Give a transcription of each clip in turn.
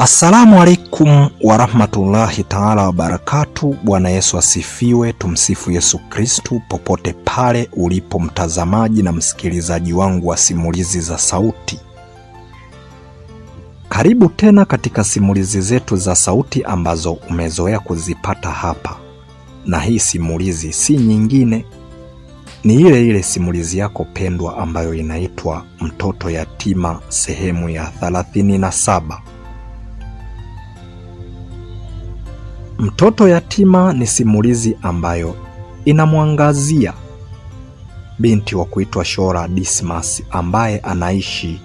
Assalamu alaikum warahmatullahi taala wabarakatu. Bwana Yesu asifiwe, tumsifu Yesu Kristu. Popote pale ulipo mtazamaji na msikilizaji wangu wa simulizi za sauti, karibu tena katika simulizi zetu za sauti ambazo umezoea kuzipata hapa, na hii simulizi si nyingine, ni ile ile simulizi yako pendwa ambayo inaitwa Mtoto Yatima sehemu ya 37. Mtoto Yatima ni simulizi ambayo inamwangazia binti wa kuitwa Shora Dismas ambaye anaishi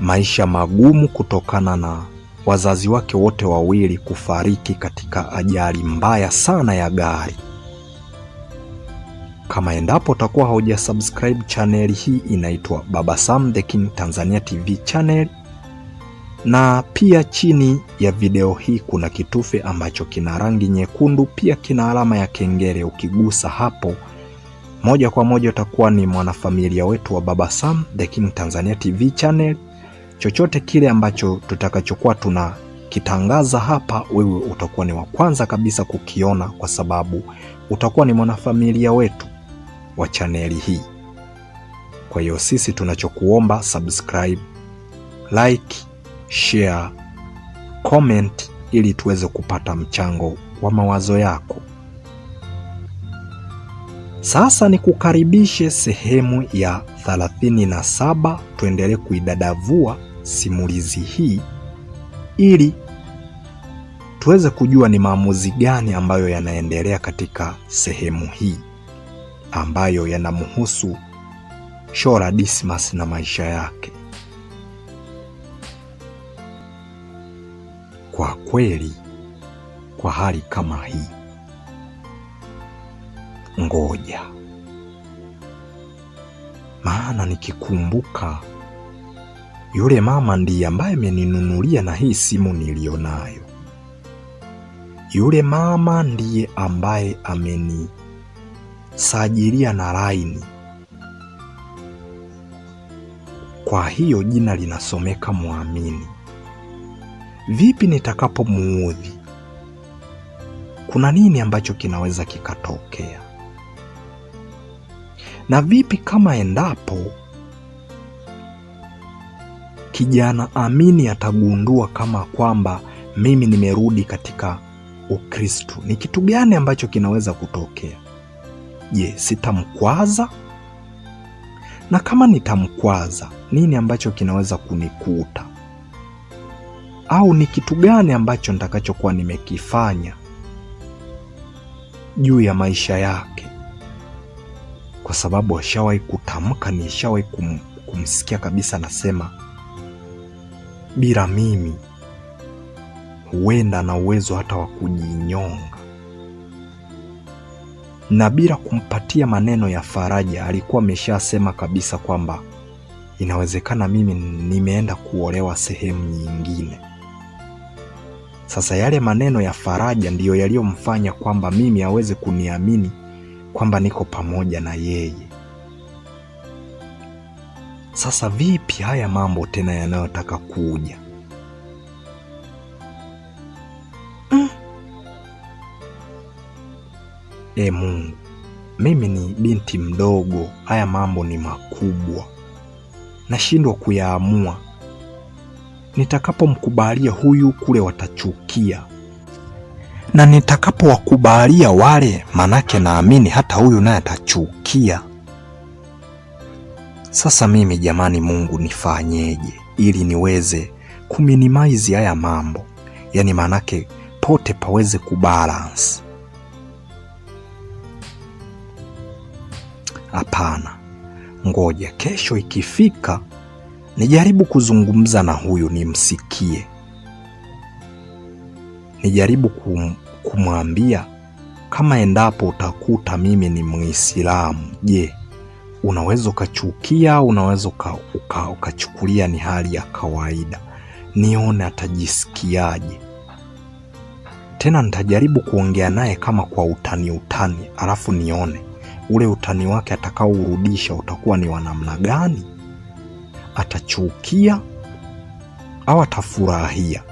maisha magumu kutokana na wazazi wake wote wawili kufariki katika ajali mbaya sana ya gari. Kama endapo utakuwa hauja subscribe chaneli hii inaitwa Baba Sam The King Tanzania TV channel na pia chini ya video hii kuna kitufe ambacho kina rangi nyekundu, pia kina alama ya kengele. Ukigusa hapo moja kwa moja utakuwa ni mwanafamilia wetu wa Baba Sam The King Tanzania TV channel. Chochote kile ambacho tutakachokuwa tuna kitangaza hapa, wewe utakuwa ni wa kwanza kabisa kukiona, kwa sababu utakuwa ni mwanafamilia wetu wa chaneli hii. Kwa hiyo sisi tunachokuomba subscribe, like share, comment ili tuweze kupata mchango wa mawazo yako. Sasa ni kukaribishe sehemu ya 37 tuendelee kuidadavua simulizi hii ili tuweze kujua ni maamuzi gani ambayo yanaendelea katika sehemu hii ambayo yanamhusu Shora Dismas na maisha yake. Kwa kweli kwa hali kama hii, ngoja maana nikikumbuka yule mama ndiye ambaye ameninunulia na hii simu niliyonayo. Yule mama ndiye ambaye amenisajilia na laini. Kwa hiyo jina linasomeka Mwamini vipi nitakapomuudhi? Kuna nini ambacho kinaweza kikatokea? Na vipi kama endapo kijana Amini atagundua kama kwamba mimi nimerudi katika Ukristo, ni kitu gani ambacho kinaweza kutokea? Je, sitamkwaza? Na kama nitamkwaza, nini ambacho kinaweza kunikuta? au ni kitu gani ambacho nitakachokuwa nimekifanya juu ya maisha yake, kwa sababu ashawahi kutamka, nishawahi kum, kumsikia kabisa nasema, bila mimi huenda na uwezo hata wa kujinyonga, na bila kumpatia maneno ya faraja, alikuwa ameshasema kabisa kwamba inawezekana mimi nimeenda kuolewa sehemu nyingine. Sasa yale maneno ya faraja ndiyo yaliyomfanya kwamba mimi aweze kuniamini kwamba niko pamoja na yeye. Sasa vipi haya mambo tena yanayotaka kuja? Mm. E Mungu, mimi ni binti mdogo, haya mambo ni makubwa, nashindwa kuyaamua nitakapomkubalia huyu kule watachukia, na nitakapowakubalia wale, manake naamini hata huyu naye atachukia. Sasa mimi jamani, Mungu nifanyeje ili niweze kuminimize haya mambo, yaani manake pote paweze kubalance? Hapana, ngoja kesho ikifika Nijaribu kuzungumza na huyu nimsikie, nijaribu kum, kumwambia kama endapo utakuta mimi ni mwislamu je, unaweza ukachukia? Unaweza ukachukulia ni hali ya kawaida? Nione atajisikiaje. Tena nitajaribu kuongea naye kama kwa utani utani, alafu nione ule utani wake atakaourudisha utakuwa ni wa namna gani atachukia au atafurahia,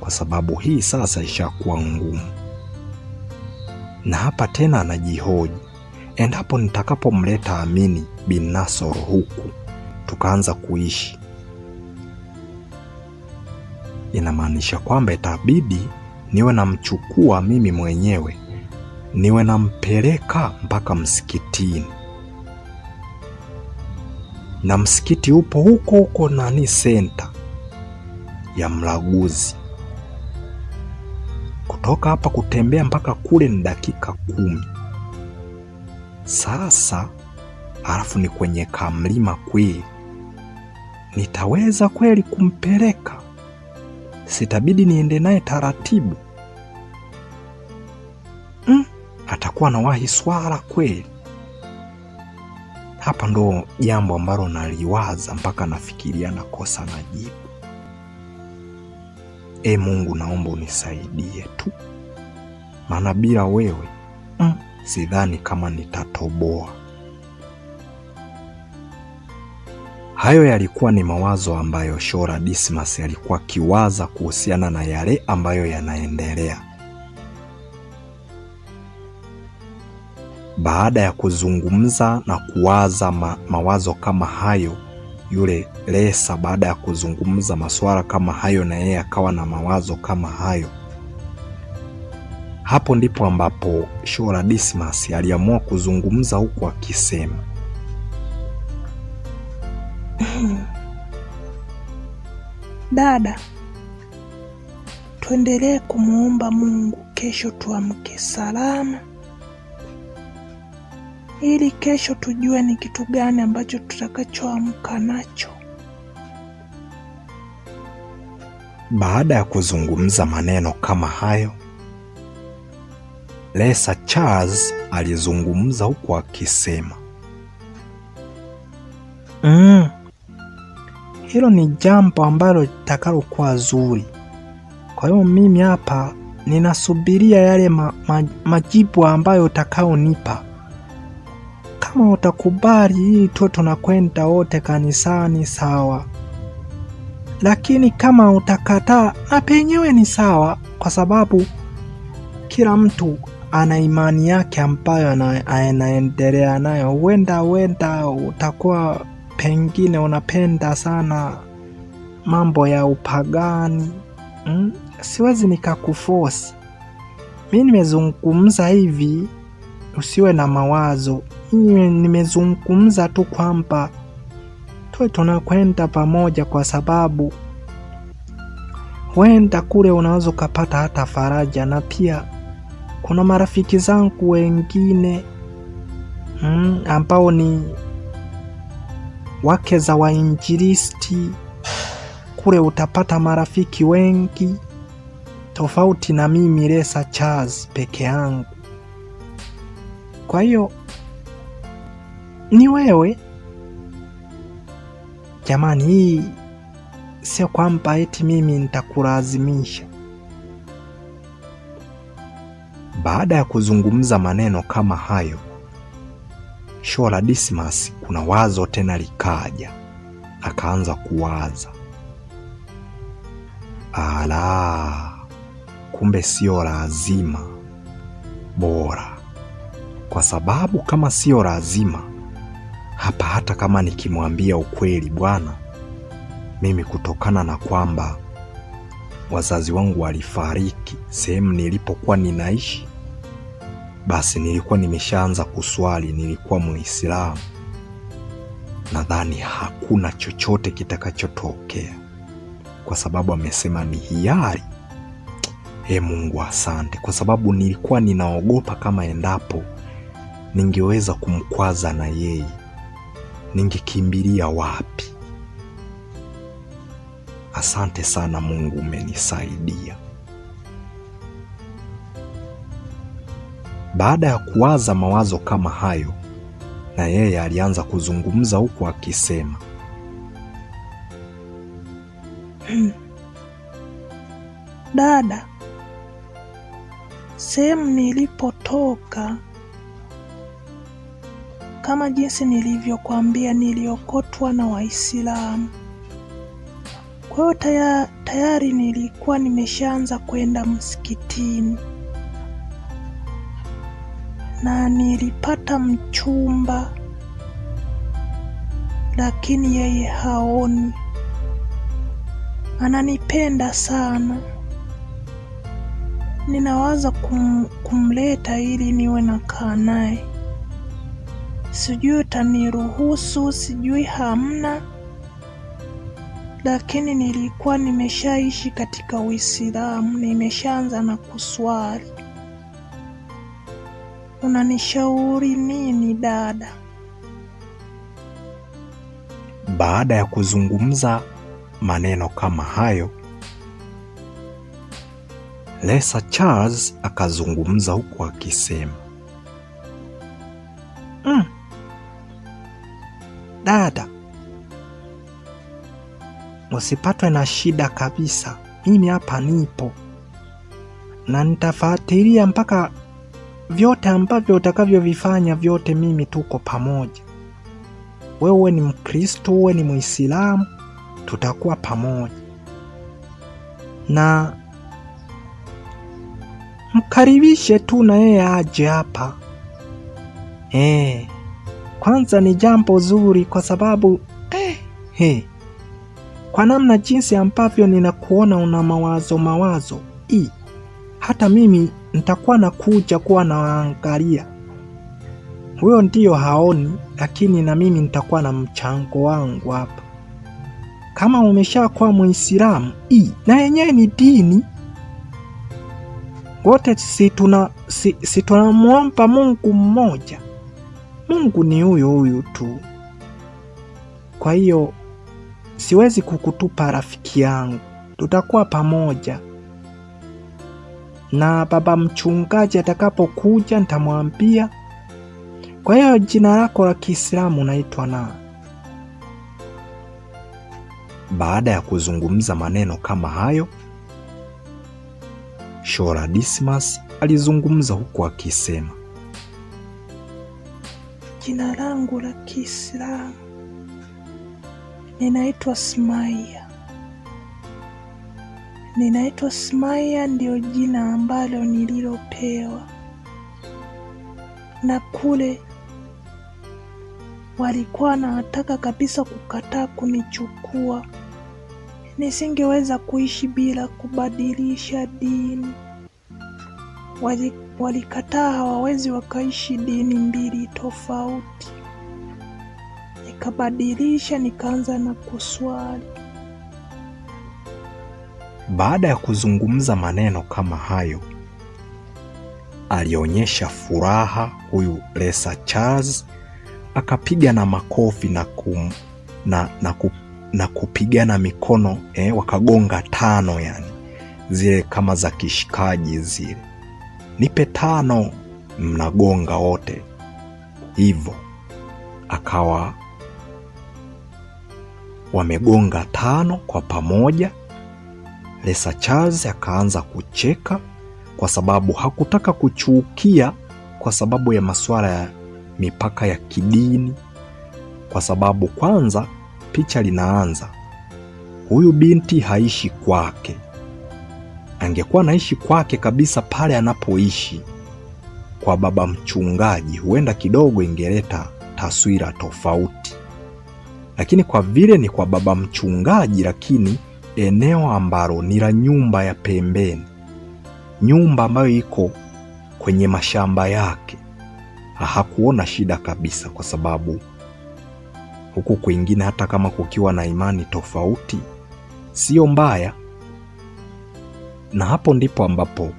kwa sababu hii sasa ishakuwa ngumu. Na hapa tena anajihoji, endapo nitakapomleta Amini bin Nasor huku tukaanza kuishi, inamaanisha kwamba itabidi niwe namchukua mimi mwenyewe niwe nampeleka mpaka msikitini na msikiti upo huko huko nani senta ya Mlaguzi. Kutoka hapa kutembea mpaka kule ni dakika kumi. Sasa halafu ni kwenye kamlima kweli, nitaweza kweli kumpeleka? Sitabidi niende naye taratibu? Mm, atakuwa na wahi swala kweli. Hapa ndo jambo ambalo naliwaza mpaka nafikiria na kosa na jibu. E Mungu, naomba unisaidie tu, maana bila wewe mm, sidhani kama nitatoboa. Hayo yalikuwa ni mawazo ambayo Shora Dismas alikuwa kiwaza kuhusiana na yale ambayo yanaendelea. Baada ya kuzungumza na kuwaza ma, mawazo kama hayo, yule Lesa baada ya kuzungumza masuala kama hayo, na yeye akawa na mawazo kama hayo. Hapo ndipo ambapo Shola Dismas aliamua kuzungumza huku akisema, dada, tuendelee kumuomba Mungu, kesho tuamke salama ili kesho tujue ni kitu gani ambacho tutakachoamka nacho. Baada ya kuzungumza maneno kama hayo, Lesa Charles alizungumza huku akisema, mm, hilo ni jambo ambalo litakalokuwa zuri. Kwa hiyo mimi hapa ninasubiria yale ma, ma, majibu ambayo utakaonipa kama utakubali hii tu tunakwenda wote kanisani sawa, lakini kama utakataa na penyewe ni sawa, kwa sababu kila mtu ana imani yake ambayo anaendelea nayo. Huenda wenda utakuwa pengine unapenda sana mambo ya upagani mm? Siwezi nikakufosi. Mi nimezungumza hivi, usiwe na mawazo nimezungumza tu kwamba tuwe tunakwenda pamoja, kwa sababu huenda kule unaweza ukapata hata faraja, na pia kuna marafiki zangu wengine mm, ambao ni wake za wainjilisti kule utapata marafiki wengi tofauti na mimi Lesa Charles peke yangu. Kwa hiyo ni wewe jamani. Hii sio kwamba eti mimi nitakulazimisha. Baada ya kuzungumza maneno kama hayo, Shola Dismas, kuna wazo tena likaja, akaanza kuwaza, ala, kumbe sio lazima bora, kwa sababu kama sio lazima hapa, hata kama nikimwambia ukweli, bwana, mimi kutokana na kwamba wazazi wangu walifariki sehemu nilipokuwa ninaishi, basi nilikuwa nimeshaanza kuswali, nilikuwa Muislamu, nadhani hakuna chochote kitakachotokea kwa sababu amesema ni hiari. E Mungu, asante, kwa sababu nilikuwa ninaogopa kama endapo ningeweza kumkwaza na yeye ningekimbilia wapi? Asante sana Mungu, umenisaidia. Baada ya kuwaza mawazo kama hayo, na yeye alianza kuzungumza huku akisema, dada, sehemu nilipotoka kama jinsi nilivyokuambia niliokotwa na Waislamu. Kwa hiyo taya, tayari nilikuwa nimeshaanza kwenda msikitini na nilipata mchumba, lakini yeye haoni, ananipenda sana. Ninawaza kum, kumleta ili niwe nakaa naye sijui utaniruhusu, sijui hamna, lakini nilikuwa nimeshaishi katika Uislamu, nimeshaanza na kuswali. Unanishauri nini dada? Baada ya kuzungumza maneno kama hayo, Lesa Charles akazungumza huku akisema mm dada, usipatwe na shida kabisa. Mimi hapa nipo na nitafuatilia mpaka vyote ambavyo utakavyovifanya vyote, mimi tuko pamoja. Wewe uwe ni Mkristo, uwe ni Muislamu, tutakuwa pamoja. Na mkaribishe tu na yeye aje hapa eh. Kwanza ni jambo zuri kwa sababu eh, he, kwa namna jinsi ambavyo ninakuona una mawazo mawazo i, hata mimi nitakuwa kuja kuwa naangalia. Huyo ndiyo haoni, lakini na mimi nitakuwa na mchango wangu hapa. Kama umeshakuwa Muislamu i, na yenyewe ni dini wote si tuna si, Mungu mmoja Mungu ni huyo huyo tu. Kwa hiyo siwezi kukutupa rafiki yangu, tutakuwa pamoja na baba mchungaji atakapokuja nitamwambia. Kwa hiyo jina lako la Kiislamu unaitwa na? Baada ya kuzungumza maneno kama hayo, Shora Dismas alizungumza huku akisema Jina langu la Kiislamu ninaitwa Smaia. Ninaitwa Smaia, ndio jina ambalo nililopewa, na kule walikuwa nataka kabisa kukataa kunichukua. Nisingeweza kuishi bila kubadilisha dini. Wali walikataa hawawezi wakaishi dini mbili tofauti. Nikabadilisha, nikaanza na kuswali. Baada ya kuzungumza maneno kama hayo, alionyesha furaha huyu Lesa Charles, akapiga na makofi na, kum, na, na, ku, na kupigana mikono eh, wakagonga tano, yani zile kama za kishikaji zile nipe tano, mnagonga wote hivyo. Akawa wamegonga tano kwa pamoja. Lesa Charles akaanza kucheka kwa sababu hakutaka kuchukia kwa sababu ya masuala ya mipaka ya kidini, kwa sababu kwanza picha linaanza, huyu binti haishi kwake, angekuwa anaishi kwake kabisa pale anapoishi kwa baba mchungaji, huenda kidogo ingeleta taswira tofauti, lakini kwa vile ni kwa baba mchungaji, lakini eneo ambalo ni la nyumba ya pembeni, nyumba ambayo iko kwenye mashamba yake, hakuona shida kabisa, kwa sababu huku kwingine hata kama kukiwa na imani tofauti, sio mbaya na hapo ndipo ambapo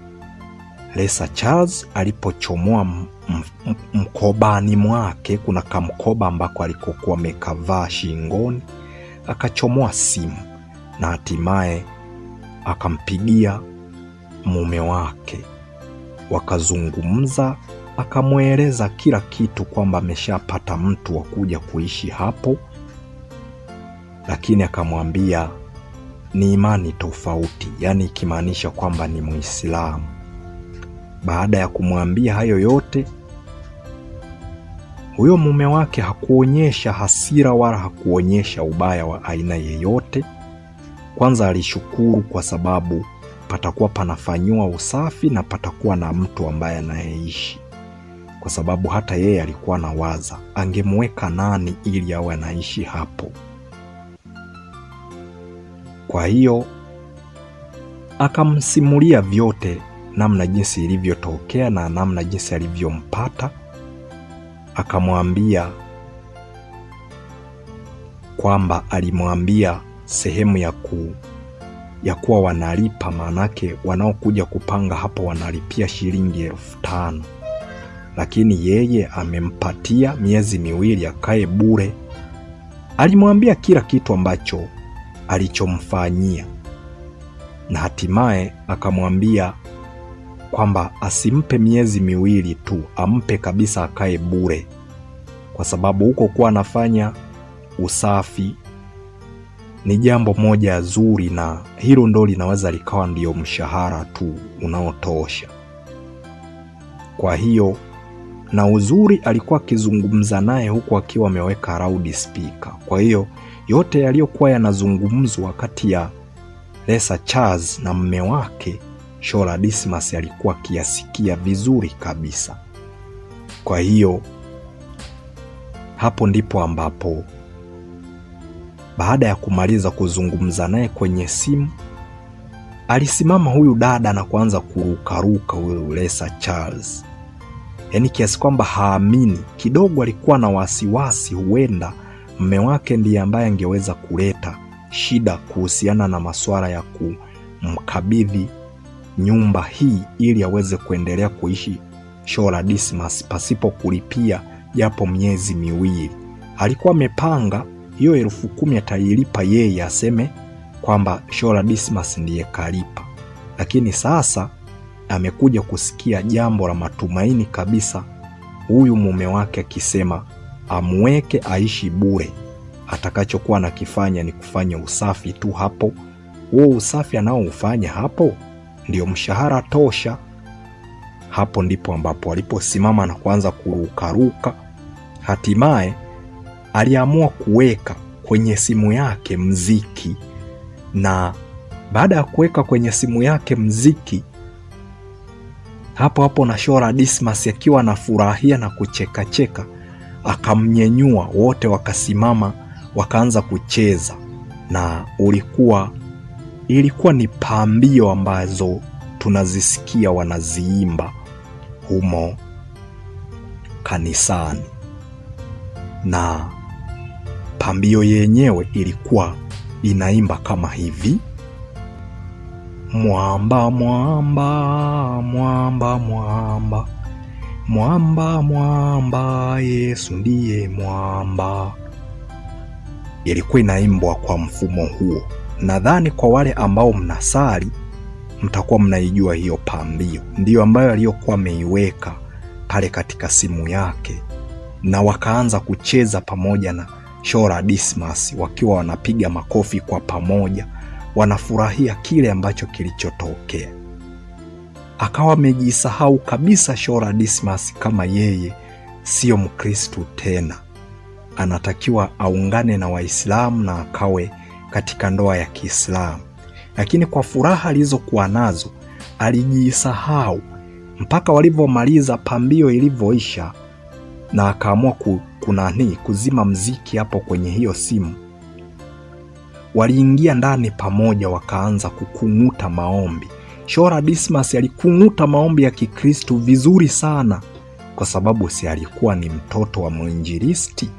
Lesa Charles alipochomoa mkobani mwake. Kuna kamkoba ambako alikokuwa amekavaa shingoni, akachomoa simu na hatimaye akampigia mume wake, wakazungumza, akamweleza kila kitu kwamba ameshapata mtu wa kuja kuishi hapo, lakini akamwambia ni imani tofauti, yaani ikimaanisha kwamba ni Muislamu. Baada ya kumwambia hayo yote, huyo mume wake hakuonyesha hasira wala hakuonyesha ubaya wa aina yeyote. Kwanza alishukuru kwa sababu patakuwa panafanyiwa usafi na patakuwa na mtu ambaye anayeishi, kwa sababu hata yeye alikuwa na waza angemweka nani ili awe anaishi hapo. Kwa hiyo akamsimulia vyote, namna jinsi ilivyotokea na namna jinsi alivyompata. Akamwambia kwamba alimwambia sehemu ya ku ya kuwa wanalipa, maanake wanaokuja kupanga hapo wanalipia shilingi elfu tano lakini yeye amempatia miezi miwili akae bure. Alimwambia kila kitu ambacho alichomfanyia na hatimaye akamwambia kwamba asimpe miezi miwili tu, ampe kabisa akae bure, kwa sababu huko kuwa anafanya usafi ni jambo moja zuri, na hilo ndo linaweza likawa ndiyo mshahara tu unaotosha. Kwa hiyo na uzuri alikuwa akizungumza naye huku akiwa ameweka loud speaker, kwa hiyo yote yaliyokuwa yanazungumzwa kati ya Lesa Charles na mme wake Shola Dismas alikuwa akiyasikia vizuri kabisa. Kwa hiyo hapo ndipo ambapo baada ya kumaliza kuzungumza naye kwenye simu, alisimama huyu dada na kuanza kurukaruka huyu Lesa Charles, yaani kiasi kwamba haamini kidogo. Alikuwa na wasiwasi huenda Mume wake ndiye ambaye angeweza kuleta shida kuhusiana na masuala ya kumkabidhi nyumba hii ili aweze kuendelea kuishi Shola Dismas pasipo kulipia japo miezi miwili. Alikuwa amepanga hiyo elfu kumi atailipa yeye, aseme kwamba Shola Dismas ndiye kalipa, lakini sasa amekuja kusikia jambo la matumaini kabisa, huyu mume wake akisema amweke aishi bure. Atakachokuwa nakifanya ni kufanya usafi tu hapo. Huo usafi anaoufanya hapo ndio mshahara tosha. Hapo ndipo ambapo aliposimama na kuanza kurukaruka. Hatimaye aliamua kuweka kwenye simu yake mziki, na baada ya kuweka kwenye simu yake mziki hapo hapo, na Shora Dismas akiwa anafurahia na kuchekacheka, akamnyenyua, wote wakasimama, wakaanza kucheza, na ulikuwa ilikuwa ni pambio ambazo tunazisikia wanaziimba humo kanisani, na pambio yenyewe ilikuwa inaimba kama hivi: mwamba mwamba mwamba mwamba Mwamba, mwamba, Yesu ndiye mwamba, ilikuwa inaimbwa kwa mfumo huo. Nadhani kwa wale ambao mnasali mtakuwa mnaijua hiyo pambio, ndiyo ambayo aliyokuwa ameiweka pale katika simu yake, na wakaanza kucheza pamoja na Shora Dismas wakiwa wanapiga makofi kwa pamoja, wanafurahia kile ambacho kilichotokea akawa amejisahau kabisa Shora Dismas kama yeye siyo Mkristu tena, anatakiwa aungane na Waislamu na akawe katika ndoa ya Kiislamu. Lakini kwa furaha alizokuwa nazo alijisahau mpaka walivyomaliza pambio ilivyoisha, na akaamua kunani kuzima mziki hapo kwenye hiyo simu. Waliingia ndani pamoja, wakaanza kukung'uta maombi Shora Dismas alikung'uta maombi ya Kikristo vizuri sana, kwa sababu si alikuwa ni mtoto wa mwinjilisti.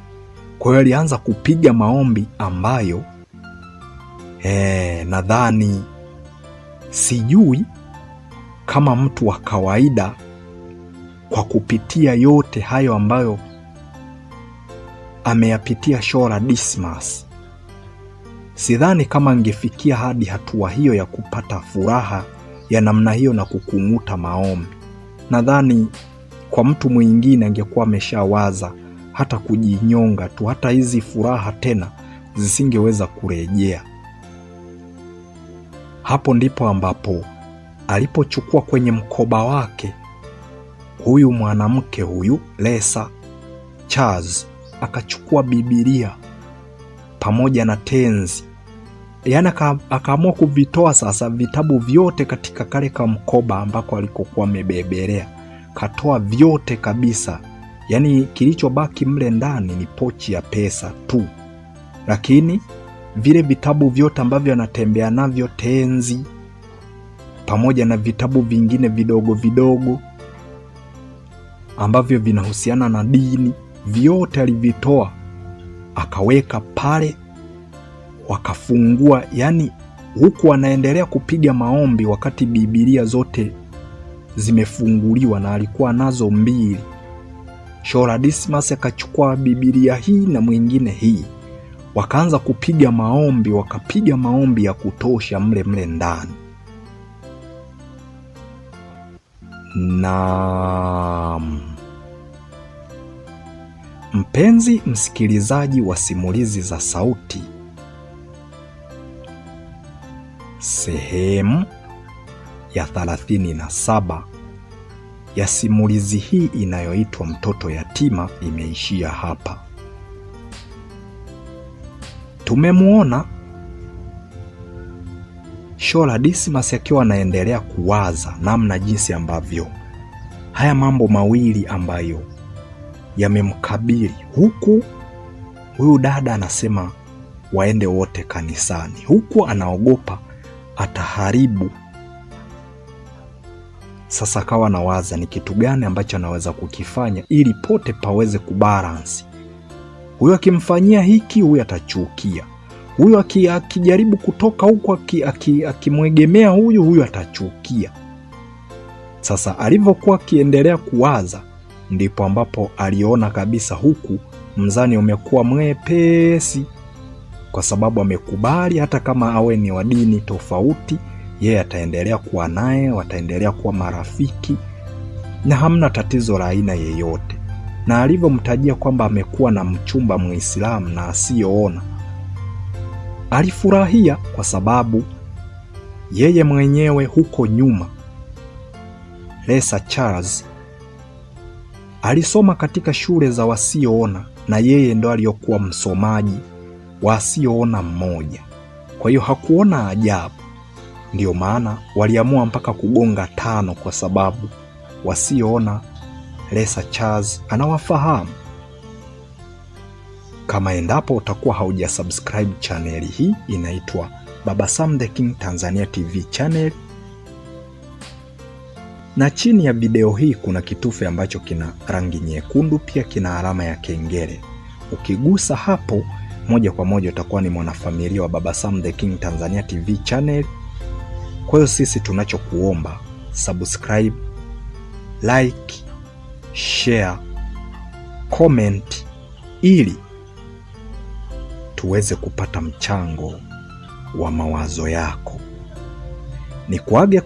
Kwa hiyo alianza kupiga maombi ambayo eh, nadhani sijui kama mtu wa kawaida kwa kupitia yote hayo ambayo ameyapitia Shora Dismas, sidhani kama angefikia hadi hatua hiyo ya kupata furaha ya namna hiyo na kukung'uta maombi. Nadhani kwa mtu mwingine angekuwa ameshawaza hata kujinyonga tu, hata hizi furaha tena zisingeweza kurejea. Hapo ndipo ambapo alipochukua kwenye mkoba wake huyu mwanamke huyu Lesa Charles akachukua Biblia pamoja na tenzi yani akaamua kuvitoa sasa vitabu vyote katika kale kamkoba ambako alikokuwa amebebelea, katoa vyote kabisa. Yani kilichobaki mle ndani ni pochi ya pesa tu, lakini vile vitabu vyote ambavyo anatembea navyo tenzi, pamoja na vitabu vingine vidogo vidogo ambavyo vinahusiana na dini, vyote alivitoa akaweka pale wakafungua, yani huku wanaendelea kupiga maombi wakati bibilia zote zimefunguliwa na alikuwa nazo mbili. Shoradismas akachukua bibilia hii na mwingine hii, wakaanza kupiga maombi, wakapiga maombi ya kutosha mle mle ndani na mpenzi msikilizaji wa simulizi za sauti, sehemu ya 37 ya simulizi hii inayoitwa Mtoto Yatima imeishia hapa. Tumemwona Shola Dismas akiwa anaendelea kuwaza namna jinsi ambavyo haya mambo mawili ambayo yamemkabili huku huyu dada anasema waende wote kanisani, huku anaogopa ataharibu. Sasa akawa nawaza ni kitu gani ambacho anaweza kukifanya ili pote paweze kubalansi. Huyu akimfanyia hiki, huyu atachukia huyu, akijaribu kutoka huku akimwegemea huyu, huyu atachukia. Sasa alivyokuwa akiendelea kuwaza, ndipo ambapo aliona kabisa huku mzani umekuwa mwepesi kwa sababu amekubali hata kama awe ni wa dini tofauti, yeye ataendelea kuwa naye, wataendelea kuwa marafiki na hamna tatizo la aina yeyote. Na alivyomtajia kwamba amekuwa na mchumba Muislamu na asiyoona, alifurahia kwa sababu yeye mwenyewe huko nyuma Lesa Charles alisoma katika shule za wasioona na yeye ndo aliyokuwa msomaji wasioona mmoja. Kwa hiyo hakuona ajabu, ndiyo maana waliamua mpaka kugonga tano, kwa sababu wasioona Lesa Charles anawafahamu. Kama endapo utakuwa haujasubscribe chaneli hii, inaitwa Baba Sam the King Tanzania TV channel, na chini ya video hii kuna kitufe ambacho kina rangi nyekundu, pia kina alama ya kengele. Ukigusa hapo moja kwa moja utakuwa ni mwanafamilia wa Baba Sam The King Tanzania TV channel. Kwa hiyo sisi tunachokuomba subscribe, like, share, comment ili tuweze kupata mchango wa mawazo yako. Ni kuage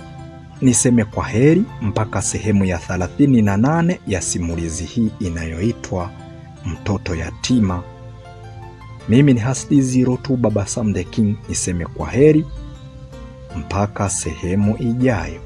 niseme kwa heri mpaka sehemu ya 38 ya simulizi hii inayoitwa Mtoto Yatima. Mimi ni Hasdi tu Baba Sam the King, niseme kwa heri mpaka sehemu ijayo.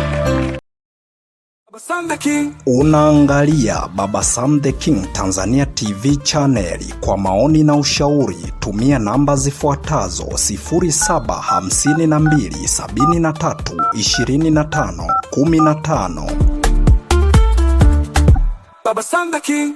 Unaangalia Baba Sam the King Tanzania TV chaneli. Kwa maoni na ushauri tumia namba zifuatazo 0752732515. Baba Sam the King